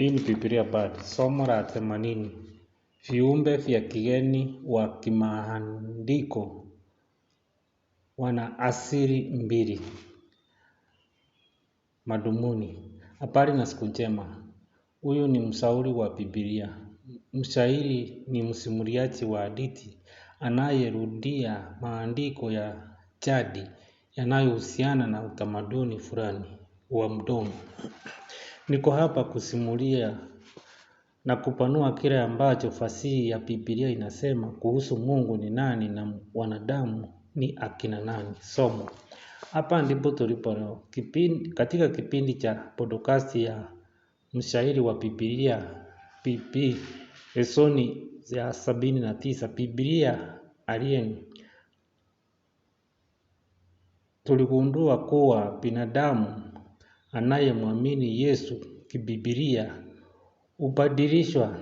Hii ni Biblia Bard, somo la themanini. Viumbe vya kigeni wa kimaandiko wana asili mbili. madumuni habari na siku njema. Huyu ni msauri wa Biblia. Mshairi ni msimuliaji wa hadithi anayerudia maandiko ya jadi yanayohusiana na utamaduni fulani wa mdomo. Niko hapa kusimulia na kupanua kile ambacho fasihi ya Biblia inasema kuhusu Mungu ni nani na wanadamu ni akina nani. Somo. Hapa ndipo tulipo leo. Kipindi, katika kipindi cha podcast ya mshairi wa Biblia PP lesoni ya sabini na tisa Biblia alien tuligundua kuwa binadamu anayemwamini Yesu kibibilia hubadilishwa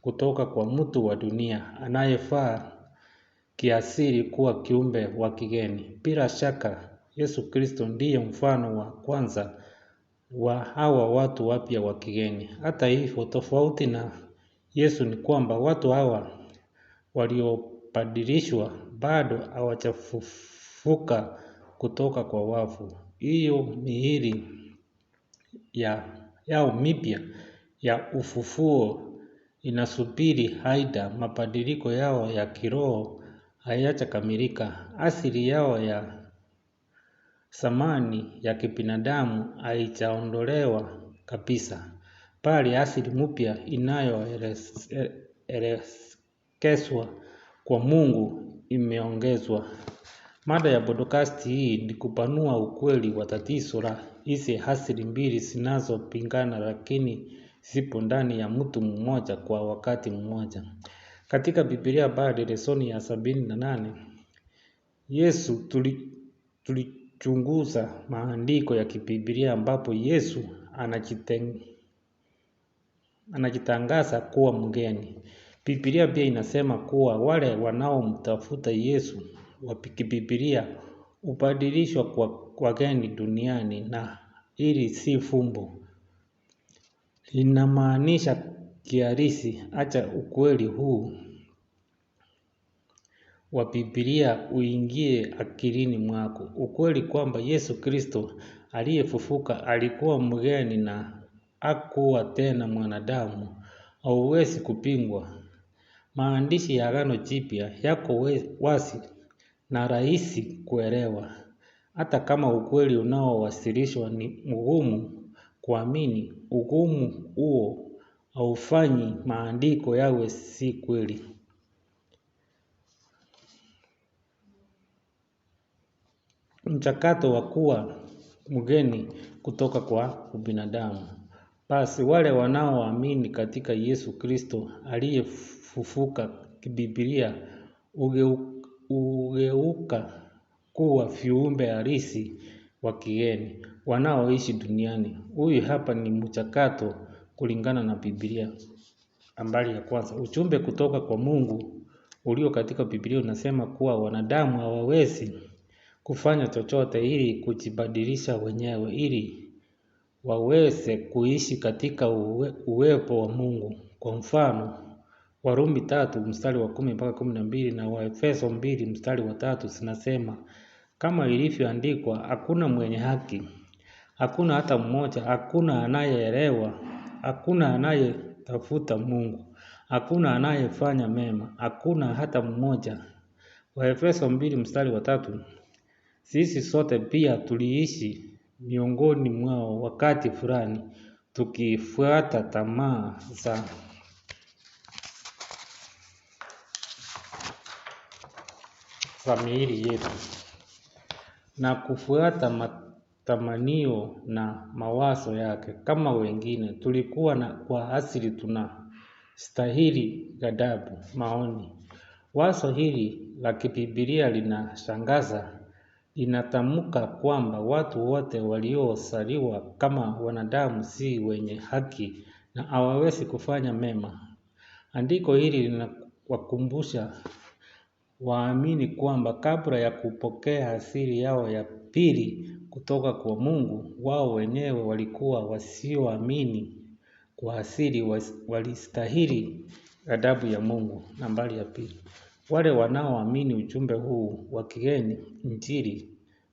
kutoka kwa mtu wa dunia anayefaa kiasili kuwa kiumbe wa kigeni. Bila shaka, Yesu Kristo ndiye mfano wa kwanza wa hawa watu wapya wa kigeni. Hata hivyo, tofauti na Yesu ni kwamba watu hawa waliobadilishwa bado hawajafufuka kutoka kwa wafu. Hiyo miili ya yao mipya ya ufufuo inasubiri haida mabadiliko yao ya kiroho hayajakamilika. Asili yao ya samani ya kibinadamu haijaondolewa kabisa, bali asili mpya inayoelekezwa kwa Mungu imeongezwa. Mada ya podcast hii ni kupanua ukweli wa tatizo la hizi asili mbili zinazopingana lakini zipo ndani ya mtu mmoja kwa wakati mmoja. Katika Biblia bali lesoni ya sabini na nane, Yesu tulichunguza maandiko ya kibiblia ambapo Yesu anajitangaza kuwa mgeni. Biblia pia inasema kuwa wale wanaomtafuta Yesu wa kibiblia hubadilishwa kwa wageni duniani na hili si fumbo. Linamaanisha kiarisi acha ukweli huu wa Biblia uingie akilini mwako. Ukweli kwamba Yesu Kristo aliyefufuka alikuwa mgeni na hakuwa tena mwanadamu hauwezi kupingwa. Maandishi ya Agano Jipya yako wazi na rahisi kuelewa, hata kama ukweli unaowasilishwa ni mgumu kuamini, ugumu huo haufanyi maandiko yawe si kweli. Mchakato wa kuwa mgeni kutoka kwa ubinadamu. Basi wale wanaoamini katika Yesu Kristo aliyefufuka kibibilia ugeu hugeuka kuwa viumbe halisi wa kigeni wanaoishi duniani. Huyu hapa ni mchakato kulingana na Biblia. Ambali ya kwanza, ujumbe kutoka kwa Mungu ulio katika Biblia unasema kuwa wanadamu hawawezi kufanya chochote ili kujibadilisha wenyewe ili waweze kuishi katika uwe, uwepo wa Mungu. Kwa mfano, Warumi tatu mstari wa kumi mpaka kumi na mbili na Waefeso mbili mstari wa tatu zinasema kama ilivyoandikwa, hakuna mwenye haki, hakuna hata mmoja, hakuna anayeelewa, hakuna anayetafuta Mungu, hakuna anayefanya mema, hakuna hata mmoja. Waefeso mbili mstari wa tatu. Sisi sote pia tuliishi miongoni mwao wakati fulani tukifuata tamaa za dhamiri yetu na kufuata matamanio na mawazo yake. Kama wengine tulikuwa na kwa asili tuna stahili ghadhabu. Maoni. Wazo hili la kibibilia linashangaza. Linatamka kwamba watu wote waliozaliwa kama wanadamu si wenye haki na hawawezi kufanya mema. Andiko hili linawakumbusha waamini kwamba kabla ya kupokea asili yao ya pili kutoka kwa Mungu, wao wenyewe walikuwa wasioamini kwa asili, walistahili adhabu ya Mungu. Nambari ya pili, wale wanaoamini ujumbe huu wa kigeni, Injili,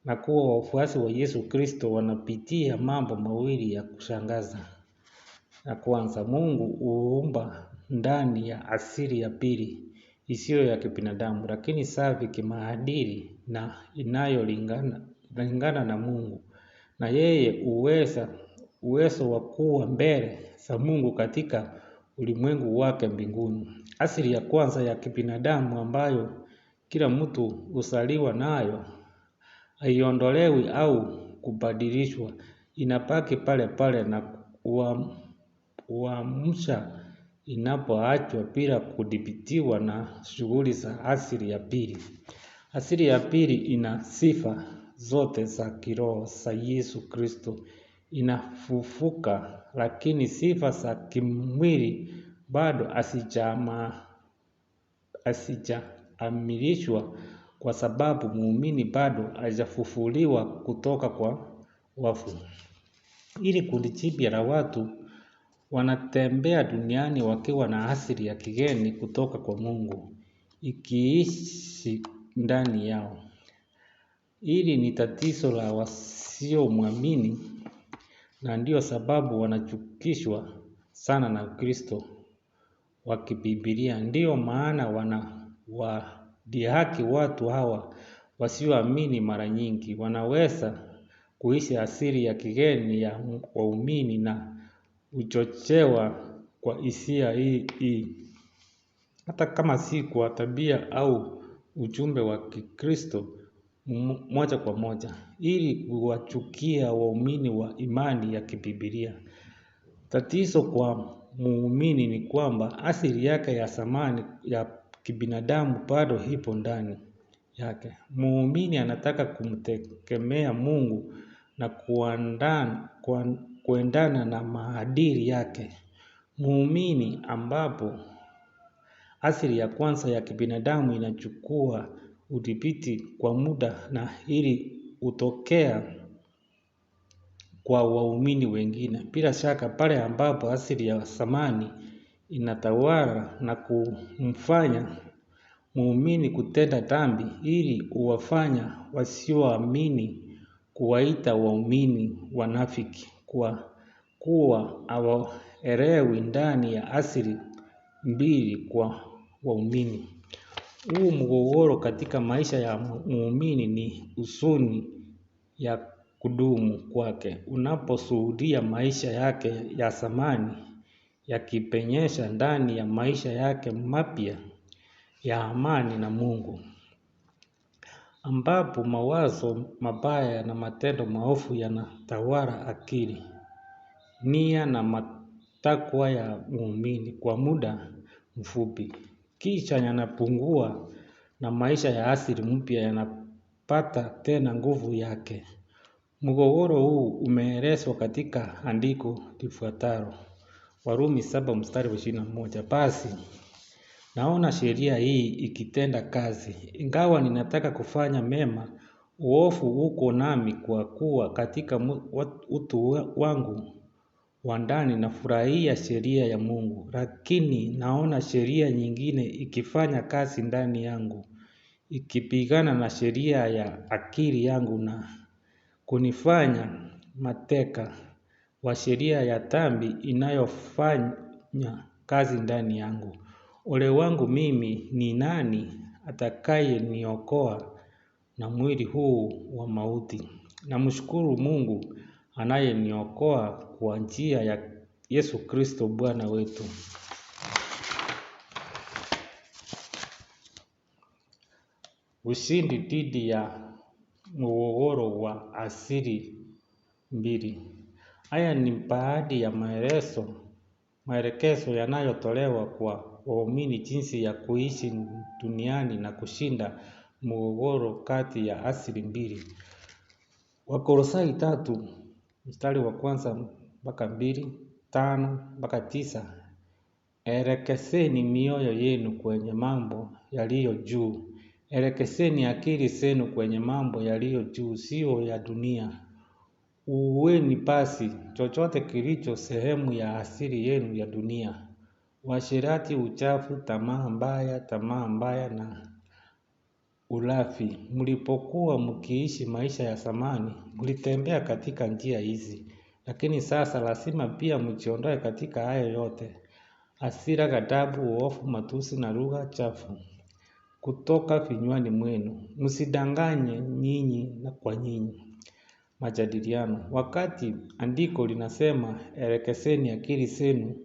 na kuwa wafuasi wa Yesu Kristo wanapitia mambo mawili ya kushangaza. Na kwanza, Mungu huumba ndani ya asili ya pili isiyo ya kibinadamu lakini safi kimaadili na inayolingana na Mungu na yeye uweza uwezo wa kuwa mbele za Mungu katika ulimwengu wake mbinguni. Asili ya kwanza ya kibinadamu ambayo kila mtu huzaliwa nayo haiondolewi au kubadilishwa, inabaki pale pale na kuamsha inapoachwa bila kudhibitiwa na shughuli za asili ya pili. Asili ya pili ina sifa zote za kiroho za Yesu Kristo. Inafufuka lakini sifa za kimwili bado hazijaamilishwa kwa sababu muumini bado hajafufuliwa kutoka kwa wafu. Ili kundi jipya la watu wanatembea duniani wakiwa na asili ya kigeni kutoka kwa mungu, ikiishi ndani yao. Hili ni tatizo la wasiomwamini na ndio sababu wanachukishwa sana na ukristo wa kibibilia. Ndiyo maana wana wanawadhihaki watu hawa wasioamini mara nyingi. Wanaweza kuishi asili ya kigeni ya waumini na huchochewa kwa hisia hii hii, hata kama si kwa tabia au ujumbe wa Kikristo moja kwa moja, ili kuwachukia waumini wa imani ya kibibilia. Tatizo kwa muumini ni kwamba asili yake ya zamani ya kibinadamu bado ipo ndani yake. Muumini anataka kumtegemea Mungu na kuandana, kuendana na maadili yake muumini ambapo asili ya kwanza ya kibinadamu inachukua udhibiti kwa muda na ili utokea kwa waumini wengine. Bila shaka pale ambapo asili ya samani inatawala na kumfanya muumini kutenda dhambi ili uwafanya wasioamini kuwaita waumini wanafiki kwa kuwa hawaelewi ndani ya asili mbili kwa waumini. Huu mgogoro katika maisha ya muumini ni usuni ya kudumu kwake Unaposuhudia maisha yake ya zamani yakipenyesha ndani ya maisha yake mapya ya amani na Mungu ambapo mawazo mabaya na matendo maovu yanatawala akili, nia na matakwa ya muumini kwa muda mfupi. Kisha yanapungua na maisha ya asili mpya yanapata tena nguvu yake. Mgogoro huu umeelezwa katika andiko lifuatalo. Warumi saba mstari wa ishirini na moja. Basi Naona sheria hii ikitenda kazi. Ingawa ninataka kufanya mema uovu uko nami kwa kuwa katika utu wangu wa ndani nafurahia sheria ya mungu. Lakini naona sheria nyingine ikifanya kazi ndani yangu. Ikipigana na sheria ya akili yangu na kunifanya mateka wa sheria ya dhambi inayofanya kazi ndani yangu. Ole wangu mimi ni nani atakayeniokoa na mwili huu wa mauti. Namshukuru Mungu anayeniokoa kwa njia ya Yesu Kristo Bwana wetu. Ushindi dhidi ya mgogoro wa asili mbili. Haya ni baadhi ya maelezo Maelekezo yanayotolewa kwa waumini jinsi ya kuishi duniani na kushinda mgogoro kati ya asili mbili. Wakolosai tatu mstari wa kwanza mpaka mbili, tano mpaka tisa. Elekezeni mioyo yenu kwenye mambo yaliyo juu. Elekezeni akili zenu kwenye mambo yaliyo juu, sio ya dunia. Uweni pasi chochote kilicho sehemu ya asili yenu ya dunia. washirati uchafu, tamaa mbaya, tamaa mbaya na ulafi. Mlipokuwa mkiishi maisha ya zamani, mlitembea katika njia hizi, lakini sasa lazima pia mjiondoe katika hayo yote: hasira, ghadhabu, uovu, matusi na lugha chafu kutoka vinywani mwenu. Msidanganye nyinyi na kwa nyinyi majadiliano. Wakati andiko linasema elekezeni akili zenu,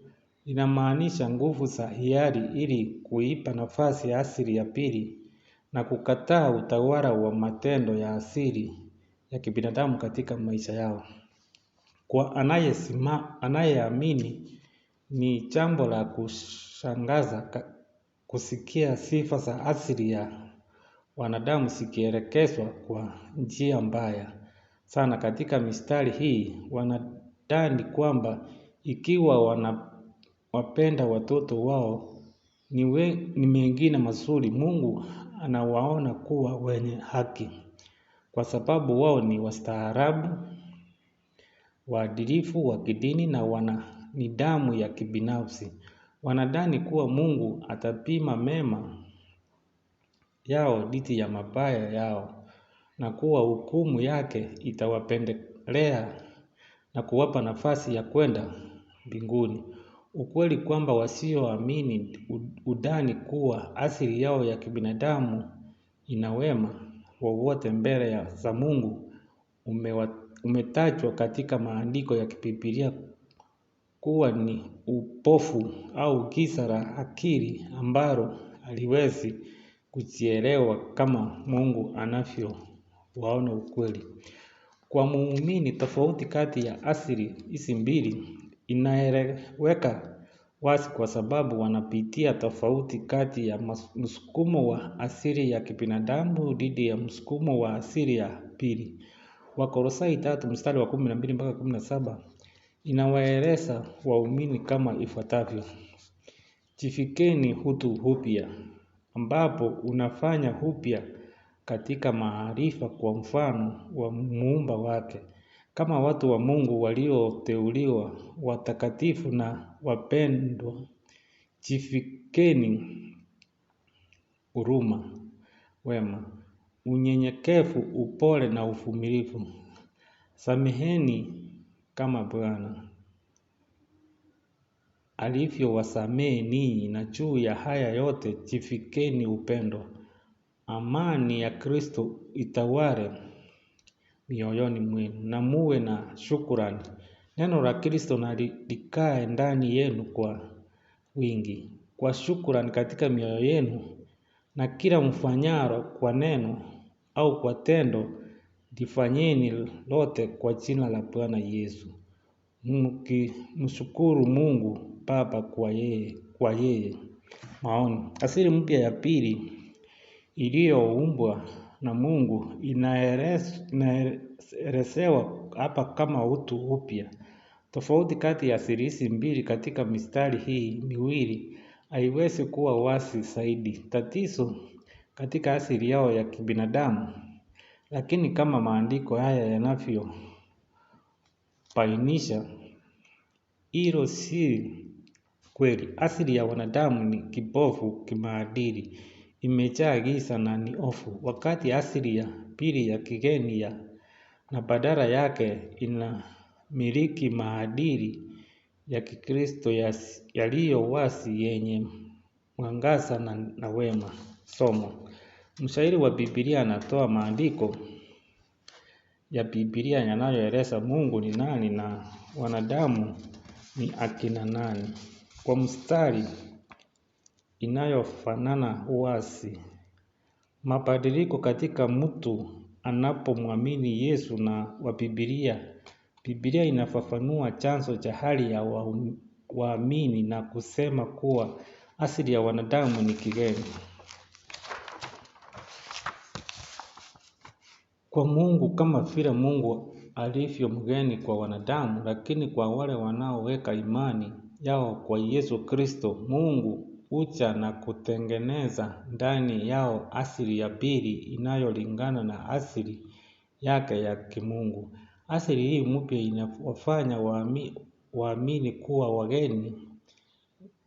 linamaanisha nguvu za hiari ili kuipa nafasi ya asili ya pili na kukataa utawala wa matendo ya asili ya kibinadamu katika maisha yao. Kwa anayesima, anayeamini ni jambo la kushangaza kusikia sifa za asili ya wanadamu zikielekezwa kwa njia mbaya sana katika mistari hii wanadani kwamba ikiwa wanawapenda watoto wao ni mengine mazuri Mungu anawaona kuwa wenye haki kwa sababu wao ni wastaarabu, waadilifu wa kidini na wana nidhamu ya kibinafsi. wanadani kuwa Mungu atapima mema yao dhidi ya mabaya yao na kuwa hukumu yake itawapendelea na kuwapa nafasi ya kwenda mbinguni. Ukweli kwamba wasioamini udani kuwa asili yao ya kibinadamu ina wema wowote mbele za Mungu umetajwa katika maandiko ya Biblia kuwa ni upofu au giza la akili ambalo haliwezi kujielewa kama Mungu anavyo waone ukweli. Kwa muumini, tofauti kati ya asili hizi mbili inaeleweka wazi kwa sababu wanapitia tofauti kati ya msukumo wa asili ya kibinadamu dhidi ya msukumo wa asili ya pili. Wakolosai tatu mstari wa kumi na mbili mpaka kumi na saba inawaeleza waumini kama ifuatavyo: jifikeni utu upya, ambapo unafanya upya katika maarifa kwa mfano wa muumba wake. Kama watu wa Mungu walioteuliwa, watakatifu na wapendwa, jifikeni huruma, wema, unyenyekevu, upole na uvumilivu. Sameheni kama Bwana alivyowasamehe ninyi, na juu ya haya yote jifikeni upendo Amani ya Kristo itawale mioyoni mwenu na muwe na shukurani. Neno la Kristo na likae ndani yenu kwa wingi, kwa shukurani katika mioyo yenu, na kila mfanyaro kwa neno au kwa tendo, lifanyeni lote kwa jina la Bwana Yesu, mkimshukuru Mungu Baba kwa yeye. Maono. Asili mpya ya pili iliyoumbwa na Mungu inaelezewa hapa kama utu upya. Tofauti kati ya silisi mbili katika mistari hii miwili haiwezi kuwa wazi zaidi. Tatizo katika asili yao ya kibinadamu, lakini kama maandiko haya yanavyobainisha, hilo si kweli. Asili ya wanadamu ni kibovu kimaadili imejaa giza na ni ovu, wakati asili ya pili ya kigeni ya na badala yake inamiliki maadili ya Kikristo yaliyo wazi yenye mwangaza na, na wema. Somo: mshairi wa Biblia anatoa maandiko ya Biblia yanayoeleza Mungu ni nani na wanadamu ni akina nani. Kwa mstari inayofanana uasi. Mabadiliko katika mtu anapomwamini Yesu na wa Biblia. Biblia inafafanua chanzo cha hali ya waamini na kusema kuwa asili ya wanadamu ni kigeni. Kwa Mungu kama vile Mungu alivyo mgeni kwa wanadamu, lakini kwa wale wanaoweka imani yao kwa Yesu Kristo, Mungu kucha na kutengeneza ndani yao asili ya pili inayolingana na asili yake ya kimungu. Asili hii mpya inawafanya waamini kuwa wageni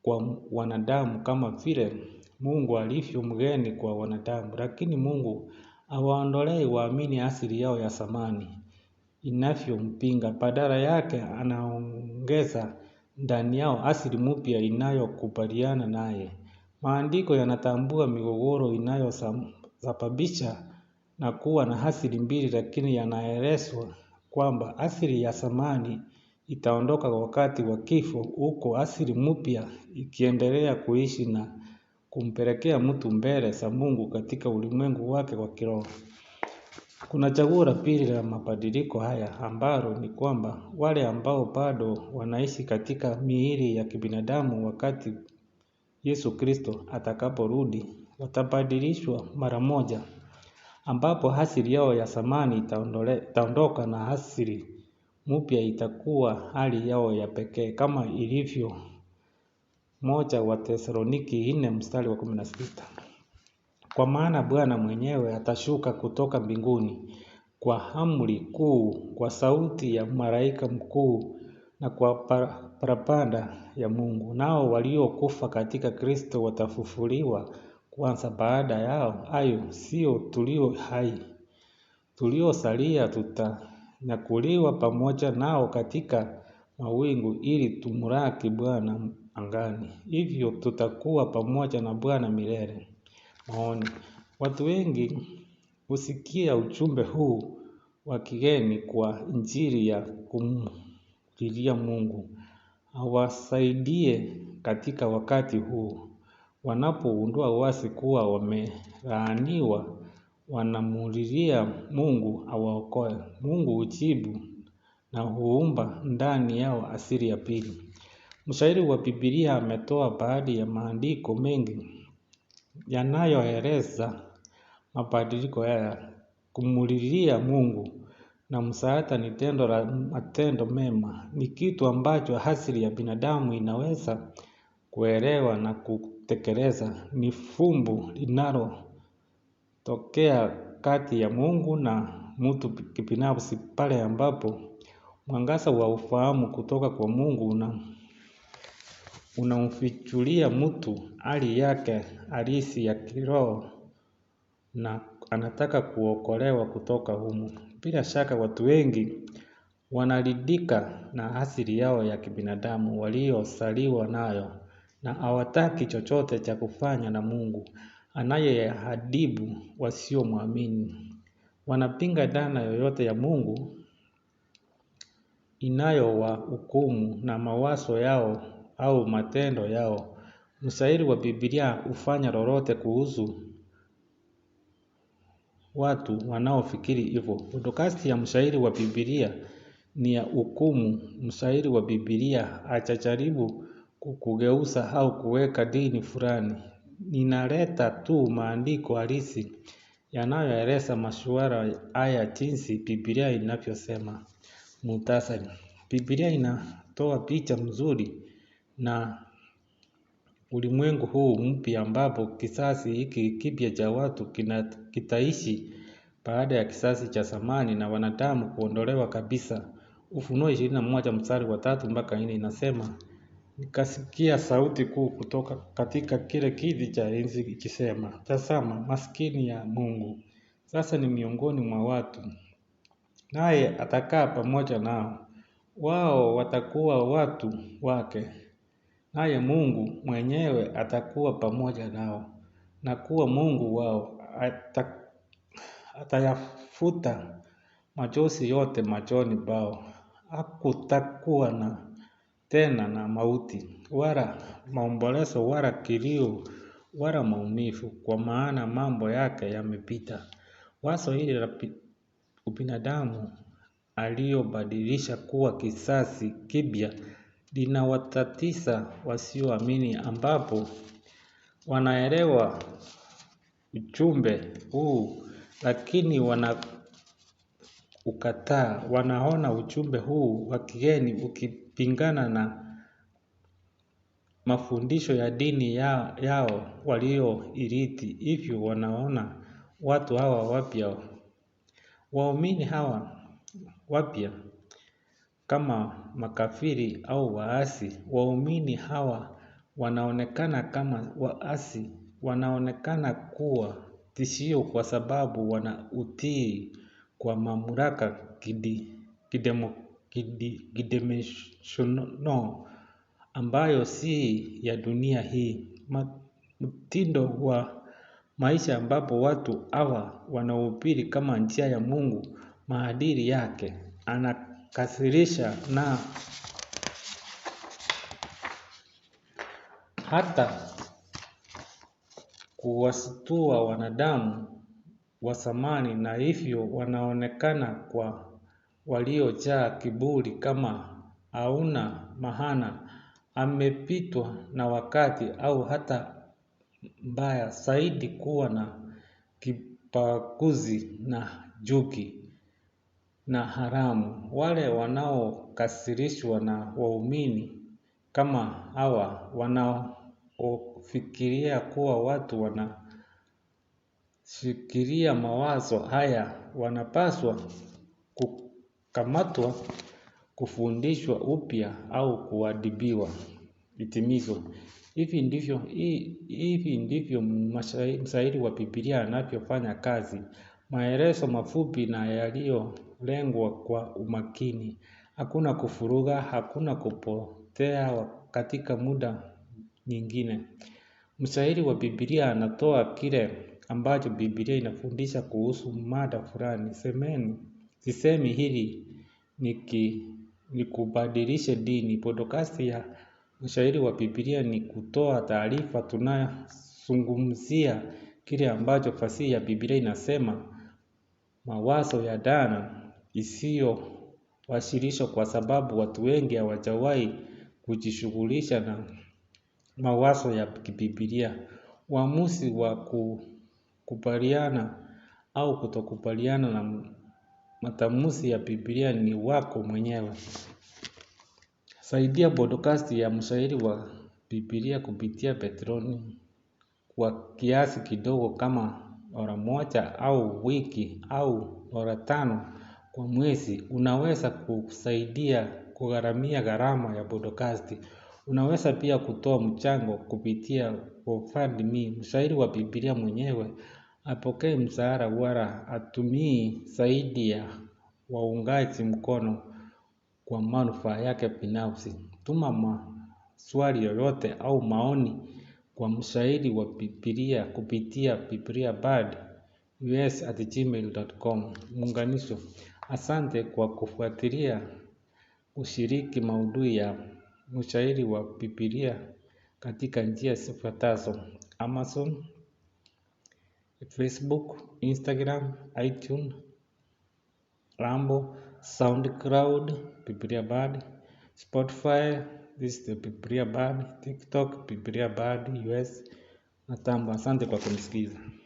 kwa wanadamu kama vile Mungu alivyo mgeni kwa wanadamu. Lakini Mungu awaondolei waamini asili yao ya zamani inavyompinga. Badala yake anaongeza ndani yao asili mpya inayokubaliana naye. Maandiko yanatambua migogoro inayosababisha na kuwa na asili mbili lakini yanaelezwa kwamba asili ya zamani itaondoka wakati wa kifo huku asili mpya ikiendelea kuishi na kumpelekea mtu mbele za Mungu katika ulimwengu wake wa kiroho. Kuna chaguo la pili la mabadiliko haya ambalo ni kwamba wale ambao bado wanaishi katika miili ya kibinadamu wakati Yesu Kristo atakaporudi watabadilishwa mara moja ambapo asili yao ya zamani itaondoka na asili mpya itakuwa hali yao ya pekee kama ilivyo moja wa Thessaloniki 4 mstari wa 16. Kwa maana Bwana mwenyewe atashuka kutoka mbinguni kwa amri kuu, kwa sauti ya malaika mkuu na kwa parapanda ya Mungu, nao waliokufa katika Kristo watafufuliwa kwanza. Baada yao hayo, sio tulio hai tuliosalia tutanyakuliwa pamoja nao katika mawingu, ili tumlaki Bwana angani. Hivyo tutakuwa pamoja na Bwana milele maoni. Watu wengi husikia ujumbe huu wa kigeni kwa injili ya kumlilia mungu. Awasaidie katika wakati huu. Wanapogundua wasi kuwa wamelaaniwa wanamulilia mungu awaokoe. Mungu hujibu na huumba ndani yao asili ya pili. Mshairi wa biblia ametoa baadhi ya maandiko mengi yanayoeleza mabadiliko haya. Kumulilia Mungu na msaada ni tendo la matendo mema, ni kitu ambacho asili ya binadamu inaweza kuelewa na kutekeleza. Ni fumbo linalotokea kati ya Mungu na mtu kibinafsi pale ambapo mwangaza wa ufahamu kutoka kwa Mungu na unamfichulia mtu hali yake halisi ya kiroho na anataka kuokolewa kutoka humo. Bila shaka watu wengi wanaridhika na asili yao ya kibinadamu waliosaliwa nayo na hawataki chochote cha kufanya na Mungu anayeadhibu wasiomwamini. Wanapinga dhana yoyote ya Mungu inayowahukumu na mawazo yao au matendo yao. Mshairi wa Biblia hufanya lolote kuhusu watu wanaofikiri hivyo. Podcast ya mshairi wa Biblia ni ya hukumu. Mshairi wa Biblia achajaribu kukugeuza au kuweka dini fulani. Ninaleta tu maandiko halisi yanayoeleza masuala haya jinsi Biblia inavyosema. Muhtasari. Biblia inatoa picha mzuri na ulimwengu huu mpya ambapo kisasi hiki kipya cha watu kina, kitaishi baada ya kisasi cha zamani na wanadamu kuondolewa kabisa. Ufunuo ishirini na moja mstari wa tatu mpaka nne inasema nikasikia sauti kuu kutoka katika kile kiti cha enzi ikisema, tazama, maskini ya Mungu sasa ni miongoni mwa watu, naye atakaa pamoja nao, wao watakuwa watu wake, naye Mungu mwenyewe atakuwa pamoja nao na kuwa Mungu wao. Atayafuta machozi yote machoni pao. Hakutakuwa na tena na mauti wala maombolezo wala kilio wala maumivu, kwa maana mambo yake yamepita. Wazo hili la ubinadamu aliyobadilisha kuwa kisasi kibya linawatatiza wasioamini ambapo wanaelewa ujumbe huu lakini wana ukataa Wanaona ujumbe huu wa kigeni ukipingana na mafundisho ya dini yao walioirithi. Hivyo wanaona watu hawa wapya. Waumini hawa wapya kama makafiri au waasi, waumini hawa wanaonekana kama waasi, wanaonekana kuwa tishio kwa sababu wana utii kwa mamlaka kidimensiono ambayo si ya dunia hii. Mtindo wa maisha ambapo watu hawa wanauhubiri kama njia ya Mungu maadili yake kasirisha na hata kuwasitua wanadamu wa samani na hivyo wanaonekana kwa waliojaa kiburi kama hauna mahana amepitwa na wakati au hata mbaya zaidi kuwa na kipakuzi na juki na haramu. Wale wanaokasirishwa na waumini kama hawa wanaofikiria kuwa watu wanashikilia mawazo haya wanapaswa kukamatwa, kufundishwa upya au kuadhibiwa. Hitimisho. Hivi ndivyo hivi ndivyo mshairi wa Biblia anavyofanya kazi. Maelezo mafupi na yaliyo lengwa kwa umakini. Hakuna kufuruga, hakuna kupotea katika muda nyingine. Mshairi wa bibilia anatoa kile ambacho bibilia inafundisha kuhusu mada fulani. Semeni, sisemi hili nikubadilishe dini. Podcast ya mshairi wa Biblia ni kutoa taarifa tunazungumzia kile ambacho fasihi ya bibilia inasema mawazo ya dana isiyowasilishwa kwa sababu watu wengi hawajawahi kujishughulisha na mawazo ya kibibilia. Uamuzi wa kukubaliana au kutokubaliana na matamuzi ya biblia ni wako mwenyewe. Saidia podcast ya mshairi wa biblia kupitia Petroni kwa kiasi kidogo kama mara moja au wiki au mara tano kwa mwezi unaweza kusaidia kugharamia gharama ya podokasti. Unaweza pia kutoa mchango kupitia GoFundMe. Mshairi wa Biblia mwenyewe apokee msaada wala atumii zaidi ya waungaji mkono kwa manufaa yake binafsi. Tuma maswali yoyote au maoni kwa mshairi wa Biblia kupitia bibliabard us@gmail.com. Muunganisho Asante kwa kufuatilia ushiriki maudhui ya mshairi wa Biblia katika njia zifuatazo Amazon, Facebook, Instagram, iTunes, Rambo, SoundCloud, Biblia Bard, Spotify, This is the Biblia Bard, TikTok, Biblia Bard, US, na Tambo. Asante kwa kunisikiza.